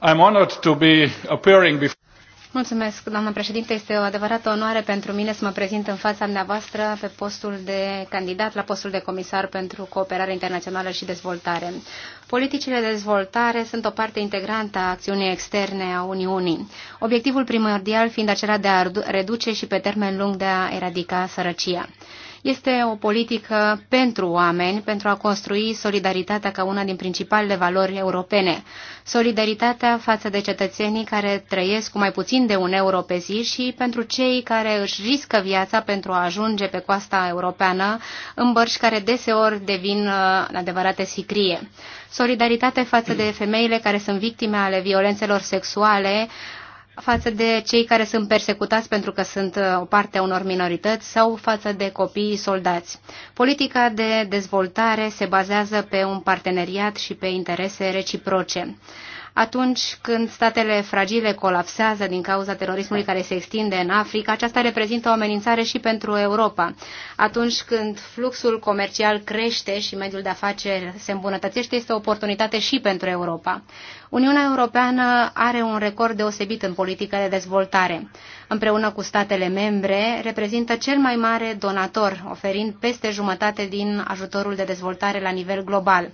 I'm honored to be appearing before Mulțumesc, doamnă președinte. Este o adevărată onoare pentru mine să mă prezint în fața dumneavoastră pe postul de candidat la postul de comisar pentru cooperare internațională și dezvoltare. Politicile de dezvoltare sunt o parte integrantă a acțiunii externe a Uniunii, obiectivul primordial fiind acela de a reduce și pe termen lung de a eradica sărăcia. Este o politică pentru oameni, pentru a construi solidaritatea ca una din principalele valori europene. Solidaritatea față de cetățenii care trăiesc cu mai puțin de un euro pe zi și pentru cei care își riscă viața pentru a ajunge pe coasta europeană în bărci care deseori devin uh, adevărate sicrie solidaritate față de femeile care sunt victime ale violențelor sexuale, față de cei care sunt persecutați pentru că sunt uh, o parte a unor minorități sau față de copiii soldați. Politica de dezvoltare se bazează pe un parteneriat și pe interese reciproce atunci când statele fragile colapsează din cauza terorismului care se extinde în Africa, aceasta reprezintă o amenințare și pentru Europa. Atunci când fluxul comercial crește și mediul de afaceri se îmbunătățește, este o oportunitate și pentru Europa. Uniunea Europeană are un record deosebit în politică de dezvoltare. Împreună cu statele membre, reprezintă cel mai mare donator, oferind peste jumătate din ajutorul de dezvoltare la nivel global.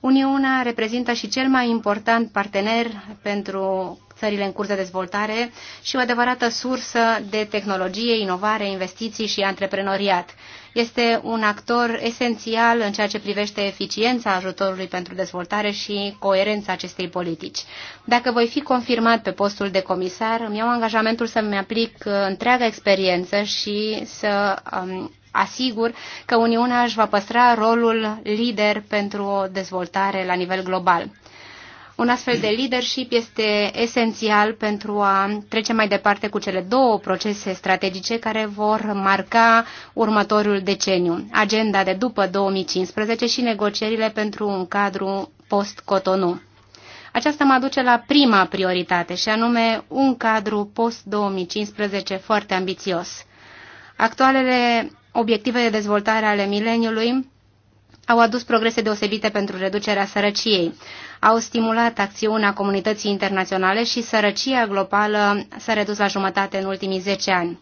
Uniunea reprezintă și cel mai important partener pentru țările în curs de dezvoltare și o adevărată sursă de tehnologie, inovare, investiții și antreprenoriat. Este un actor esențial în ceea ce privește eficiența ajutorului pentru dezvoltare și coerența acestei politici. Dacă voi fi confirmat pe postul de comisar, îmi iau angajamentul să-mi aplic uh, întreaga experiență și să um, asigur că Uniunea își va păstra rolul lider pentru o dezvoltare la nivel global. Un astfel de leadership este esențial pentru a trece mai departe cu cele două procese strategice care vor marca următorul deceniu, agenda de după 2015 și negocierile pentru un cadru post-Cotonou. Aceasta mă duce la prima prioritate, și anume un cadru post-2015 foarte ambițios. Actualele obiective de dezvoltare ale mileniului au adus progrese deosebite pentru reducerea sărăciei, au stimulat acțiunea comunității internaționale și sărăcia globală s-a redus la jumătate în ultimii 10 ani.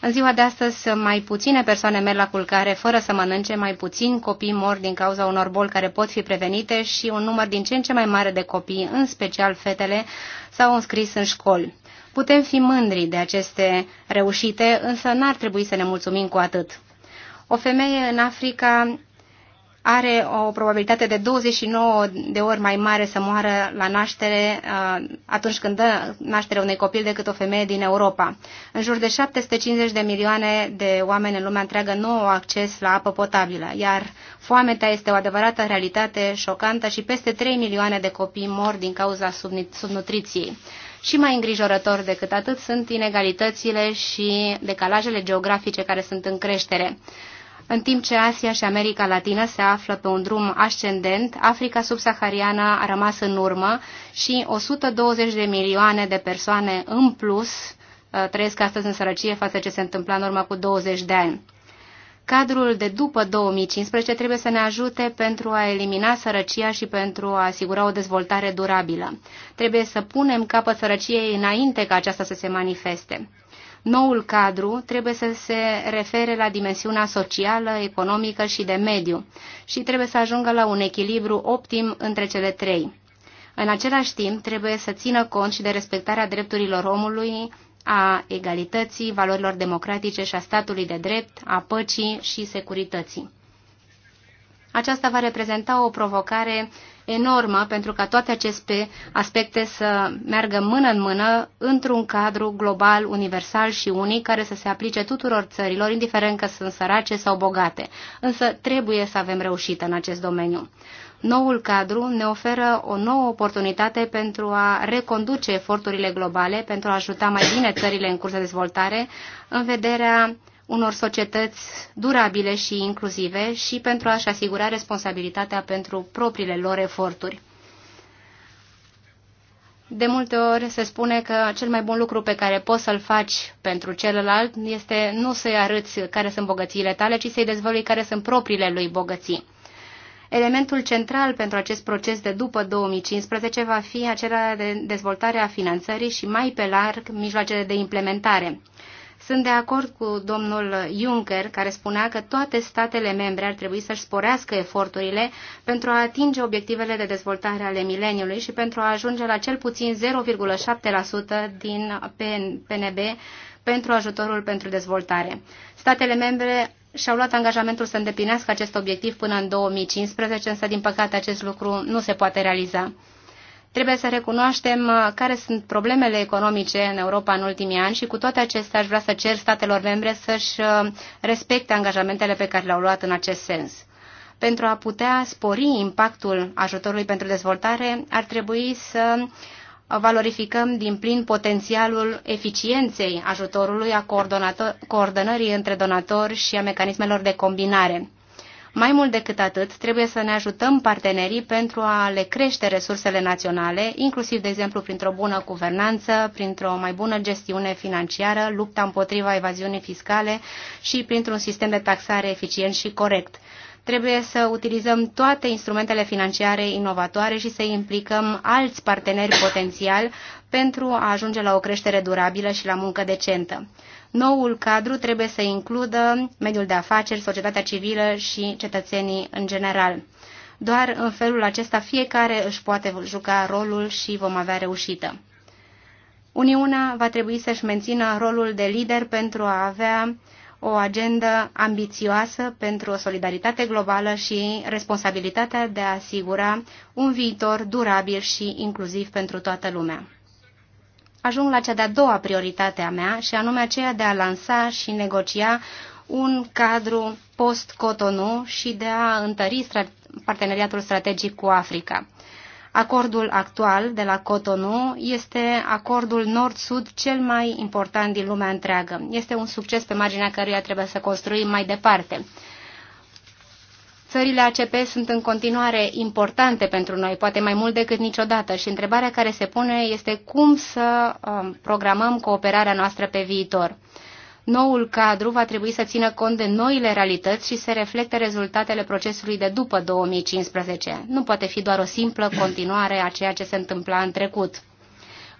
În ziua de astăzi, mai puține persoane merg la culcare fără să mănânce, mai puțini copii mor din cauza unor boli care pot fi prevenite și un număr din ce în ce mai mare de copii, în special fetele, s-au înscris în școli. Putem fi mândri de aceste reușite, însă n-ar trebui să ne mulțumim cu atât. O femeie în Africa are o probabilitate de 29 de ori mai mare să moară la naștere uh, atunci când dă naștere unui copil decât o femeie din Europa. În jur de 750 de milioane de oameni în lumea întreagă nu au acces la apă potabilă, iar foamea este o adevărată realitate șocantă și peste 3 milioane de copii mor din cauza subnutriției. Și mai îngrijorător decât atât sunt inegalitățile și decalajele geografice care sunt în creștere în timp ce Asia și America Latină se află pe un drum ascendent, Africa subsahariană a rămas în urmă și 120 de milioane de persoane în plus uh, trăiesc astăzi în sărăcie față ce se întâmpla în urmă cu 20 de ani. Cadrul de după 2015 trebuie să ne ajute pentru a elimina sărăcia și pentru a asigura o dezvoltare durabilă. Trebuie să punem capăt sărăciei înainte ca aceasta să se manifeste. Noul cadru trebuie să se refere la dimensiunea socială, economică și de mediu și trebuie să ajungă la un echilibru optim între cele trei. În același timp, trebuie să țină cont și de respectarea drepturilor omului, a egalității, valorilor democratice și a statului de drept, a păcii și securității. Aceasta va reprezenta o provocare enormă pentru ca toate aceste aspecte să meargă mână în mână într-un cadru global, universal și unic care să se aplice tuturor țărilor, indiferent că sunt sărace sau bogate. Însă trebuie să avem reușită în acest domeniu. Noul cadru ne oferă o nouă oportunitate pentru a reconduce eforturile globale, pentru a ajuta mai bine țările în curs de dezvoltare, în vederea unor societăți durabile și inclusive și pentru a-și asigura responsabilitatea pentru propriile lor eforturi. De multe ori se spune că cel mai bun lucru pe care poți să-l faci pentru celălalt este nu să-i arăți care sunt bogățiile tale, ci să-i dezvălui care sunt propriile lui bogății. Elementul central pentru acest proces de după 2015 va fi acela de a finanțării și mai pe larg mijloacele de implementare. Sunt de acord cu domnul Juncker, care spunea că toate statele membre ar trebui să-și sporească eforturile pentru a atinge obiectivele de dezvoltare ale mileniului și pentru a ajunge la cel puțin 0,7% din PNB pentru ajutorul pentru dezvoltare. Statele membre și-au luat angajamentul să îndeplinească acest obiectiv până în 2015, însă din păcate acest lucru nu se poate realiza. Trebuie să recunoaștem uh, care sunt problemele economice în Europa în ultimii ani și cu toate acestea aș vrea să cer statelor membre să-și uh, respecte angajamentele pe care le-au luat în acest sens. Pentru a putea spori impactul ajutorului pentru dezvoltare, ar trebui să valorificăm din plin potențialul eficienței ajutorului, a coordonării între donatori și a mecanismelor de combinare. Mai mult decât atât, trebuie să ne ajutăm partenerii pentru a le crește resursele naționale, inclusiv, de exemplu, printr-o bună guvernanță, printr-o mai bună gestiune financiară, lupta împotriva evaziunii fiscale și printr-un sistem de taxare eficient și corect. Trebuie să utilizăm toate instrumentele financiare inovatoare și să implicăm alți parteneri potențial pentru a ajunge la o creștere durabilă și la muncă decentă. Noul cadru trebuie să includă mediul de afaceri, societatea civilă și cetățenii în general. Doar în felul acesta fiecare își poate juca rolul și vom avea reușită. Uniunea va trebui să-și mențină rolul de lider pentru a avea o agendă ambițioasă pentru o solidaritate globală și responsabilitatea de a asigura un viitor durabil și inclusiv pentru toată lumea. Ajung la cea de-a doua prioritate a mea și anume aceea de a lansa și negocia un cadru post-Cotonou și de a întări parteneriatul strategic cu Africa. Acordul actual de la Cotonou este acordul nord-sud cel mai important din lumea întreagă. Este un succes pe marginea căruia trebuie să construim mai departe. Țările ACP sunt în continuare importante pentru noi, poate mai mult decât niciodată, și întrebarea care se pune este cum să um, programăm cooperarea noastră pe viitor. Noul cadru va trebui să țină cont de noile realități și să reflecte rezultatele procesului de după 2015. Nu poate fi doar o simplă continuare a ceea ce se întâmpla în trecut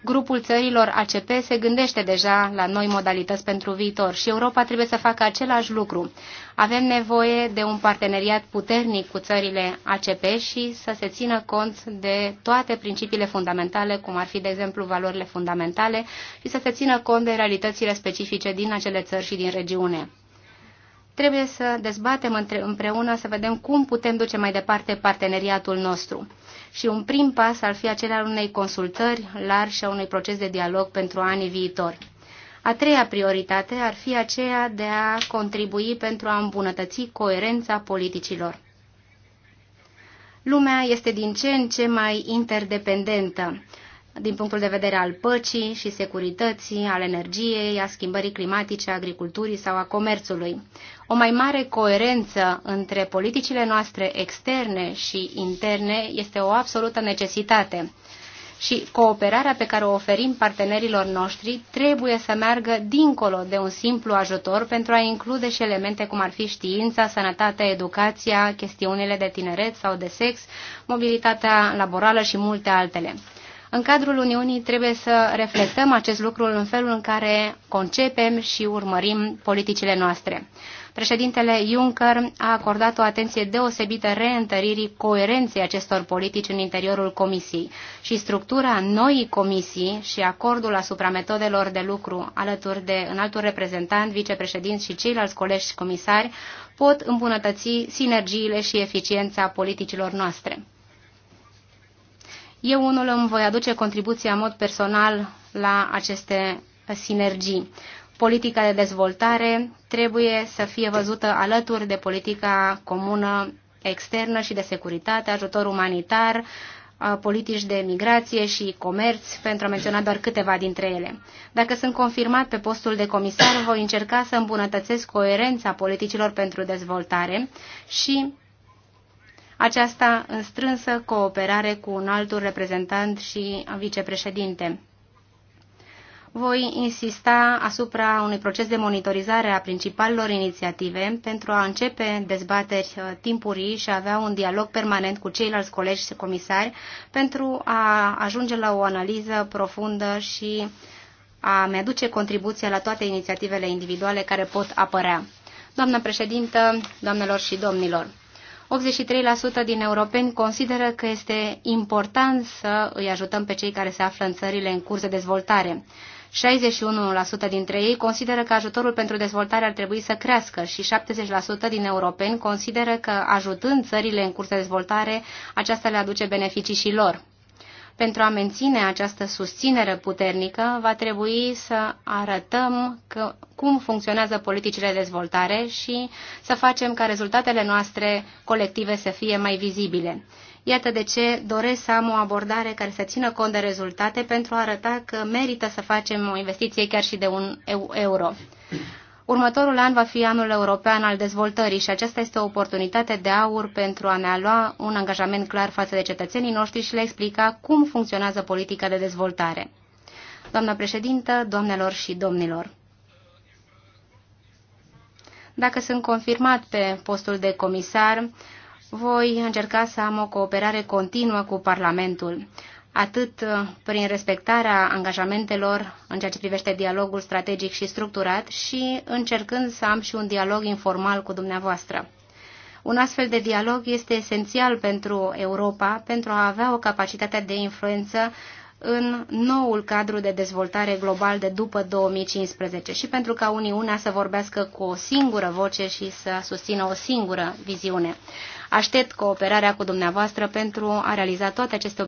grupul țărilor ACP se gândește deja la noi modalități pentru viitor și Europa trebuie să facă același lucru. Avem nevoie de un parteneriat puternic cu țările ACP și să se țină cont de toate principiile fundamentale, cum ar fi, de exemplu, valorile fundamentale și să se țină cont de realitățile specifice din acele țări și din regiune. Trebuie să dezbatem împreună, să vedem cum putem duce mai departe parteneriatul nostru. Și un prim pas ar fi acela al unei consultări largi și a unui proces de dialog pentru anii viitori. A treia prioritate ar fi aceea de a contribui pentru a îmbunătăți coerența politicilor. Lumea este din ce în ce mai interdependentă din punctul de vedere al păcii și securității, al energiei, a schimbării climatice, a agriculturii sau a comerțului. O mai mare coerență între politicile noastre externe și interne este o absolută necesitate și cooperarea pe care o oferim partenerilor noștri trebuie să meargă dincolo de un simplu ajutor pentru a include și elemente cum ar fi știința, sănătatea, educația, chestiunile de tineret sau de sex, mobilitatea laborală și multe altele. În cadrul Uniunii trebuie să reflectăm acest lucru în felul în care concepem și urmărim politicile noastre. Președintele Juncker a acordat o atenție deosebită reîntăririi coerenței acestor politici în interiorul Comisiei și structura noii comisii și acordul asupra metodelor de lucru alături de înaltul reprezentant, vicepreședint și ceilalți colegi și comisari pot îmbunătăți sinergiile și eficiența politicilor noastre. Eu unul îmi voi aduce contribuția în mod personal la aceste sinergii. Politica de dezvoltare trebuie să fie văzută alături de politica comună externă și de securitate, ajutor umanitar, politici de migrație și comerț, pentru a menționa doar câteva dintre ele. Dacă sunt confirmat pe postul de comisar, voi încerca să îmbunătățesc coerența politicilor pentru dezvoltare și aceasta în strânsă cooperare cu un altul reprezentant și vicepreședinte. Voi insista asupra unui proces de monitorizare a principalelor inițiative pentru a începe dezbateri uh, timpurii și a avea un dialog permanent cu ceilalți colegi și comisari pentru a ajunge la o analiză profundă și a mi-aduce contribuția la toate inițiativele individuale care pot apărea. Doamnă președintă, doamnelor și domnilor, 83% din europeni consideră că este important să îi ajutăm pe cei care se află în țările în curs de dezvoltare. 61% dintre ei consideră că ajutorul pentru dezvoltare ar trebui să crească și 70% din europeni consideră că ajutând țările în curs de dezvoltare, aceasta le aduce beneficii și lor. Pentru a menține această susținere puternică, va trebui să arătăm că, cum funcționează politicile de dezvoltare și să facem ca rezultatele noastre colective să fie mai vizibile. Iată de ce doresc să am o abordare care să țină cont de rezultate pentru a arăta că merită să facem o investiție chiar și de un euro. Următorul an va fi anul european al dezvoltării și aceasta este o oportunitate de aur pentru a ne lua un angajament clar față de cetățenii noștri și le explica cum funcționează politica de dezvoltare. Doamna președintă, doamnelor și domnilor, dacă sunt confirmat pe postul de comisar, voi încerca să am o cooperare continuă cu Parlamentul atât uh, prin respectarea angajamentelor în ceea ce privește dialogul strategic și structurat și încercând să am și un dialog informal cu dumneavoastră. Un astfel de dialog este esențial pentru Europa pentru a avea o capacitate de influență în noul cadru de dezvoltare global de după 2015 și pentru ca Uniunea să vorbească cu o singură voce și să susțină o singură viziune. Aștept cooperarea cu dumneavoastră pentru a realiza toate aceste